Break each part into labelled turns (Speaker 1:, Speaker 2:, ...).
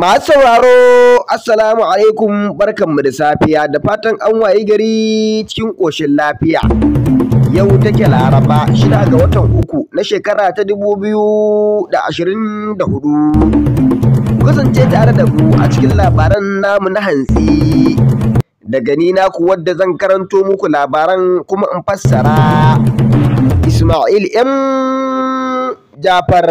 Speaker 1: Masu sauraro, Assalamu alaikum barkanmu da safiya da fatan an wayi gari cikin ƙoshin lafiya. Yau take Laraba shida ga watan uku na shekara ta dubu biyu da ashirin da hudu. Kasance tare da mu a cikin labaran namu na hantsi. Daga ni ku wadda zan karanto muku labaran kuma in fassara. Ismail M. Jafar.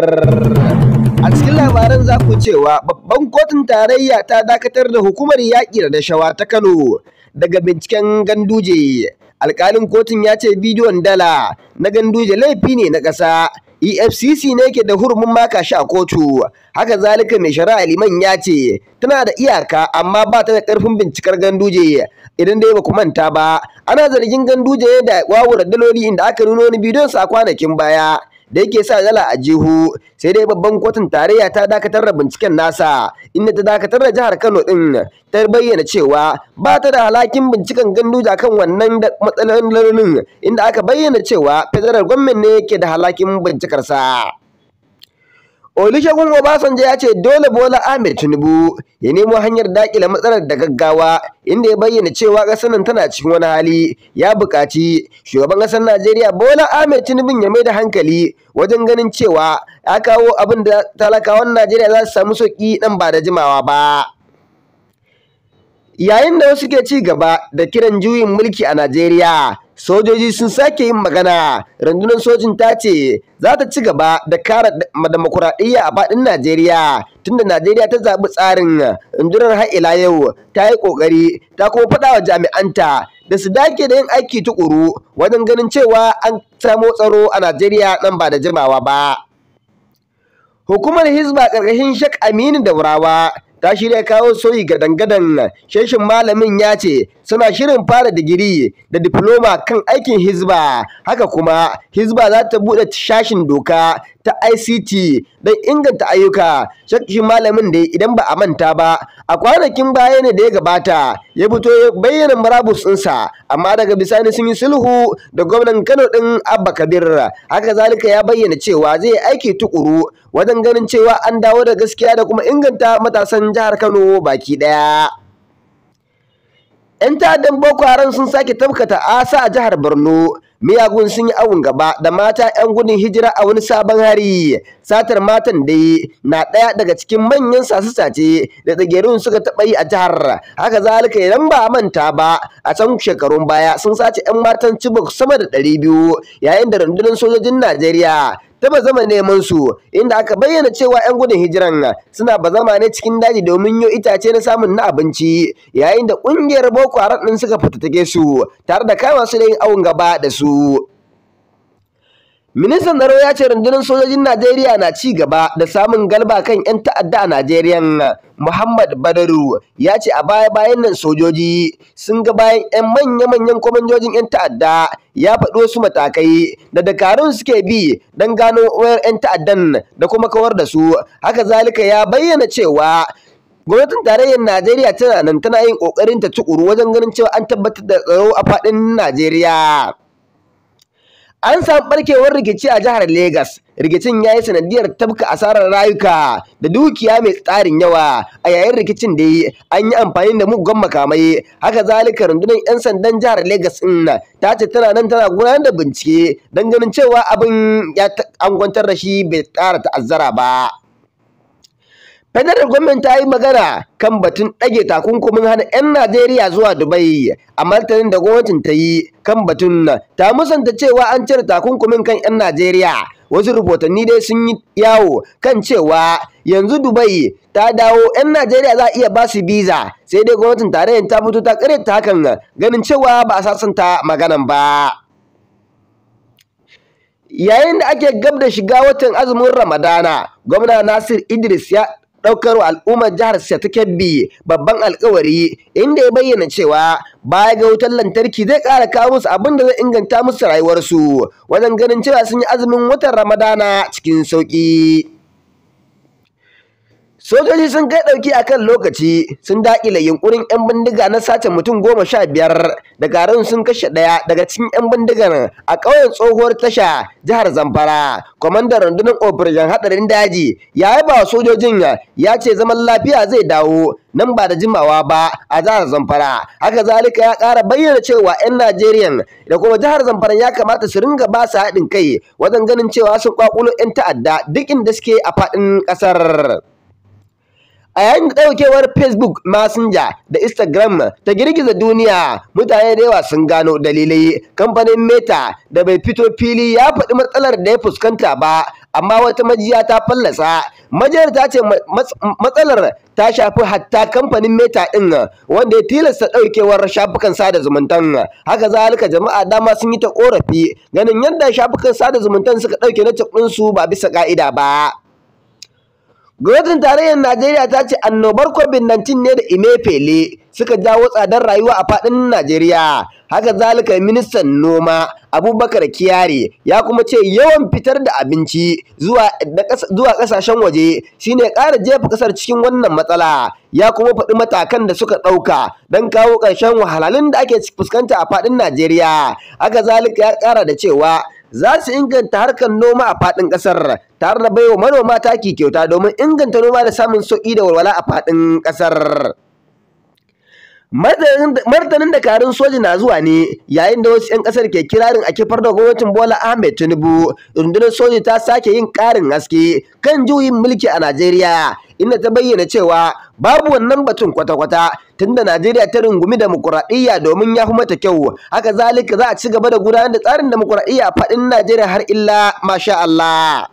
Speaker 1: A cikin labaran za ku cewa babban kotun tarayya ta dakatar da hukumar yaƙi da dashawa ta Kano daga binciken ganduje. Alƙalin kotun ya ce bidiyon dala na ganduje laifi ne na ƙasa. EFCC ne ke da hurumin maka shi a kotu. Haka zalika mai shari'a liman ya ce tana da iyaka amma ba ta da ƙarfin bincikar ganduje. Idan dai ba ku manta ba, ana zargin ganduje da wawura daloli inda aka nuna wani bidiyon sa kwanakin baya. da yake sa zala a jihu sai dai babban kotun tarayya ta dakatar da binciken nasa inda ta dakatar da jihar Kano din ta bayyana cewa ba ta da halakin binciken ganduja kan wannan matsalolin inda aka bayyana cewa federal gwamnati ne yake da halakin bincikarsa. Olusegun Obasanjo ya ce dole Bola Ahmed Tinubu ya nemo hanyar dakile matsalar da gaggawa inda ya bayyana cewa ƙasar nan tana cikin wani hali ya buƙaci shugaban ƙasar Najeriya Bola Ahmed Tinubu ya mai da hankali wajen ganin cewa ya kawo abin da talakawan Najeriya za su samu sauƙi ɗan ba da jimawa ba. Yayin da wasu ke ci gaba da kiran juyin mulki a Najeriya, sojoji sun sake yin magana rundunar sojin ta ce za ta ci gaba da kare demokuraɗiyya a faɗin najeriya tunda najeriya ta zaɓi tsarin rundunar har yau ta yi ƙoƙari ta kuma faɗa wa jami'anta da su dake da yin aiki tukuru wajen ganin cewa an samo tsaro a najeriya nan ba da jimawa ba hukumar hizba ƙarƙashin shek aminu daurawa ta shirya kawo sauyi ga dangadan sheshin malamin ya ce suna shirin fara digiri da diploma kan aikin hizba haka kuma hizba za ta buɗe shashin doka ta ICT don inganta ayyuka shakishin malamin da idan ba a manta ba a kwanakin baya ne da ya gabata ya fito ya bayyana murabus ɗinsa amma daga bisani sun yi sulhu da gwamnan Kano ɗin Abba Kabir haka zalika ya bayyana cewa zai aiki tukuru wajen ganin cewa an dawo da gaskiya da kuma inganta matasan jihar Kano baki ɗaya. 'Yan ta'addan Boko Haram sun sake tabkata asa a jihar Borno. miyagun sun yi awon gaba da mata 'yan gudun hijira a wani sabon hari satar matan dai na ɗaya daga cikin manyan sace-sace da tsagerun suka taɓa yi a jihar haka zalika idan ba manta ba a can shekarun baya sun sace 'yan matan cibok sama da ɗari biyu yayin da rundunar sojojin najeriya ta zama neman su inda aka bayyana cewa 'yan gudun hijiran suna ba zama ne cikin daji domin yo itace na samun na abinci yayin da ƙungiyar boko haram ɗin suka fatattake su tare da kama su da yin awon gaba da su Ministan tsaro ya ce rundunar sojojin Najeriya na ci gaba da samun galba kan 'yan ta'adda a Najeriya. Muhammad Badaru ya ce a baya-bayan nan sojoji sun ga bayan 'yan manya-manyan kwamanjojin 'yan ta'adda ya faɗi wasu matakai da dakarun suke bi don gano wayar 'yan ta'addan da kuma kawar da su. Haka zalika ya bayyana cewa gwamnatin tarayyar Najeriya tana nan tana yin ƙoƙarin ta tukuru wajen ganin cewa an tabbatar da tsaro a faɗin Najeriya. An samu barkewar rikici a jihar Legas. Rikicin ya yi sanadiyar tafka asarar rayuka da dukiya mai tsarin yawa. A yayin rikicin da an yi amfani da mugun makamai. Haka zalika rundunar 'yan sandan jihar Legas din ta ce tana nan tana gudanar da bincike don ganin cewa abin ya an kwantar da shi bai ƙara ta'azzara ba. Federal Gwamnati ta yi magana kan batun ɗage takunkumin hana 'yan Najeriya zuwa Dubai a martanin da gwamnatin ta yi kan batun ta musanta cewa an cire takunkumin kan 'yan Najeriya. Wasu rubutanni dai sun yi yawo kan cewa yanzu Dubai ta dawo 'yan Najeriya za a iya ba su biza sai dai gwamnatin tarayyar ta fito ta ta hakan ganin cewa ba a sasanta magana ba. Yayin da ake gab da shiga watan azumin Ramadana, gwamna Nasir Idris ya ɗaukar al'ummar jihar sa babban alkawari inda ya bayyana cewa baya ga wutar lantarki zai ƙara kawo musu abin da zai inganta musu rayuwarsu wajen ganin cewa sun yi azumin watan ramadana cikin sauƙi. Sojoji sun kai ɗauki a kan lokaci sun daƙile yunƙurin 'yan bindiga na sace mutum goma sha biyar da garin sun kashe ɗaya daga cikin 'yan bindigan a ƙauyen tsohuwar tasha jihar Zamfara. Kwamandan rundunar operation haɗarin daji ya yaba sojojin ya ce zaman lafiya zai dawo nan ba da jimawa ba a jihar Zamfara. Haka zalika ya ƙara bayyana cewa 'yan Najeriya da kuma jihar Zamfara ya kamata su ringa ba su haɗin kai wajen ganin cewa sun ƙwaƙulo 'yan ta'adda duk inda suke a faɗin ƙasar. A yayin da ɗaukewar Facebook Messenger da Instagram ta girgiza duniya, mutane da yawa sun gano dalilai. Kamfanin Meta da bai fito fili ya faɗi matsalar da ya fuskanta ba, amma wata majiya ta fallasa. Majiyar ta ce matsalar ta shafi hatta kamfanin Meta ɗin wanda ya tilasta ɗaukewar shafukan sada zumuntan. Haka zalika jama'a dama sun yi ta ƙorafi ganin yadda shafukan sada zumuntan suka ɗauke na su ba bisa ƙa'ida ba. Gwamnatin tarayyar Najeriya ta ce annobar COVID-19 ne da imefele suka jawo tsadar rayuwa a faɗin Najeriya. Haka zalika ministan noma Abubakar Kiyare ya kuma ce yawan fitar da abinci zuwa ƙasashen waje shine ƙara jefa ƙasar cikin wannan matsala. Ya kuma faɗi matakan da suka ɗauka don kawo ƙarshen wahalhalun da ake fuskanta a faɗin Najeriya. Haka zalika ya ƙara da cewa za su inganta harkar noma a faɗin ƙasar tare da baiwa manoma taki kyauta domin inganta noma da samun sauƙi da walwala a faɗin ƙasar. Martanin dakarun soji na zuwa ne yayin da wasu 'yan kasar ke kirarin a kifar da gwamnatin Bola Ahmed Tinubu, rundunar soji ta sake yin ƙarin haske kan juyin mulki a Najeriya inda ta bayyana cewa babu wannan batun kwata-kwata tunda Najeriya ta rungumi demokuraɗiyya domin ya fi mata kyau haka zalika za a ci gaba da gudanar da tsarin demokuraɗiyya a faɗin Najeriya har illa masha Allah.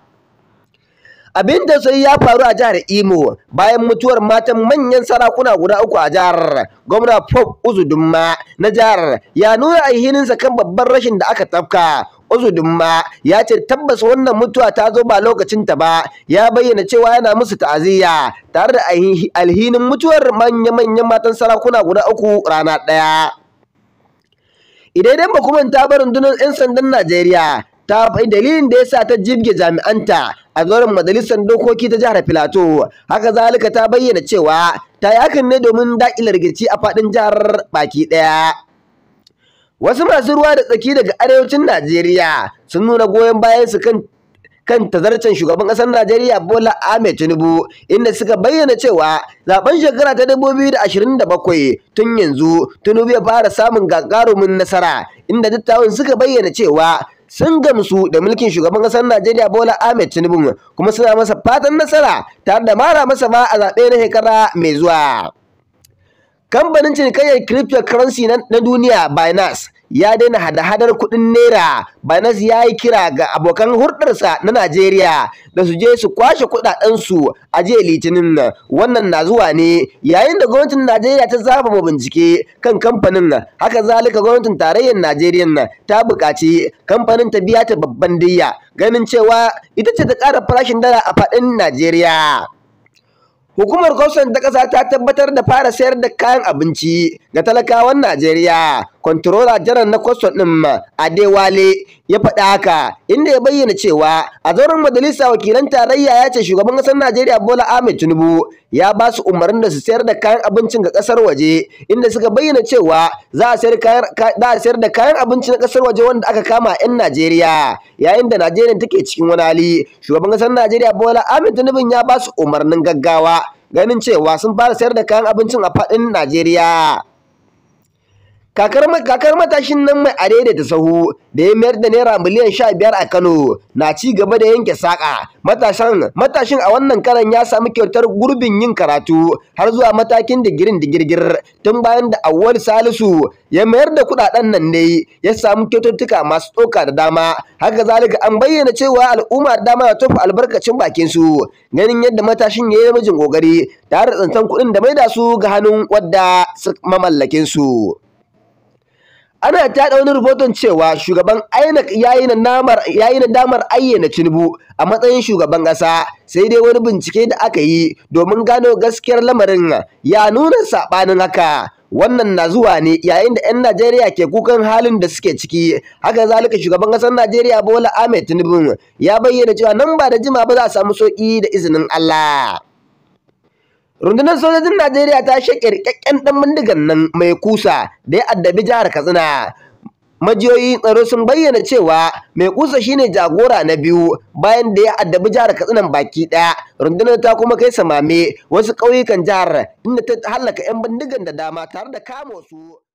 Speaker 1: abin da sai ya faru a jihar Imo bayan mutuwar matan manyan sarakuna guda uku a jihar gwamna Pop Uzudumma na jihar ya nuna alhininsa kan babban rashin da aka tafka Uzudumma ya ce tabbas wannan mutuwa ta zo ba lokacin ta ba ya bayyana cewa yana musu ta'aziyya tare da alhinin mutuwar manya-manyan matan sarakuna guda uku rana ɗaya. Idan dai ba kuma ta barin dunan 'yan sandan Najeriya ta dalilin da sa ta jibge jami'anta a zauren majalisar dokoki ta jihar Filato haka zalika ta bayyana cewa ta yi hakan ne domin daƙilar rigici a faɗin jihar baki ɗaya. Wasu masu ruwa da tsaki daga arewacin Najeriya sun nuna goyon bayan kan kan tazarcen shugaban ƙasar Najeriya Bola Ahmed Tinubu inda suka bayyana cewa zaben shekara ta 2027 tun yanzu Tinubu ya fara samun gagarumin nasara inda dattawan suka bayyana cewa sun gamsu da mulkin shugaban ƙasar Najeriya Bola Ahmed Tinubu kuma suna masa fatan nasara tare da mara masa ma a zaɓe na shekara mai zuwa. Kamfanin cinikayyar cryptocurrency na duniya Binance ya daina hada-hadar kuɗin naira. Binance ya yi kira ga abokan hurɗarsa na Najeriya da su je su kwashe kuɗaɗensu a jiya Litinin. Wannan na zuwa ne yayin da gwamnatin Najeriya ta zaba ma bincike kan kamfanin. Haka zalika gwamnatin tarayyar Najeriya ta buƙaci kamfanin ta biya ta babban diyya ganin cewa ita ce ta ƙara farashin dala a faɗin Najeriya. Hukumar Gwamnati ta ƙasa ta tabbatar da fara sayar da kayan abinci ga talakawan Najeriya Kwantarola jarar na kwaso ɗin ma Adewale ya faɗa haka inda ya bayyana cewa a zauren majalisa wakilan tarayya ya ce shugaban ƙasar Najeriya Bola Ahmed Tinubu ya ba su umarnin da su sayar da kayan abincin ga ƙasar waje inda suka bayyana cewa za a sayar za sayar da kayan abinci na ƙasar waje wanda aka kama 'yan Najeriya yayin da Najeriya take cikin wani hali shugaban ƙasar Najeriya Bola Ahmed Tinubu ya ba su umarnin gaggawa ganin cewa sun fara sayar da kayan abincin a faɗin Najeriya kakar matashin nan mai are da sahu da ya mayar da naira miliyan sha biyar a kano na ci gaba da yanke saƙa matashin matashin a wannan karan ya samu kyautar gurbin yin karatu har zuwa matakin digirin digirgir tun bayan da awwal salisu ya mayar da kuɗaɗen nan ne ya samu kyaututtuka masu tsoka da dama haka zalika an bayyana cewa al'umma da dama na tofa albarkacin bakin su ganin yadda matashin ya yi mijin kokari tare da tsantsan kuɗin da da su ga hannun wadda mamallakin su ana ta da wani rahoton cewa shugaban INEC ya yi na damar ayyana Tinubu a matsayin shugaban ƙasa sai dai wani bincike da aka yi domin gano gaskiyar lamarin ya nuna saɓanin haka wannan na zuwa ne yayin da 'yan Najeriya ke kukan halin da suke ciki haka zalika shugaban ƙasar Najeriya Bola Ahmed Tinubu ya bayyana cewa nan ba da jima ba za a samu sauƙi da izinin Allah Rundunar sojojin Najeriya ta shi ɗan bindigan nan mai kusa da ya addabi jihar Katsina. Majiyoyi tsaro sun bayyana cewa mai kusa shine jagora na biyu bayan da ya addabi jihar Katsina baki ɗaya. Rundunar ta kuma kai samame wasu ƙauyukan jihar inda ta hallaka 'yan bindigan da dama tare da kama su.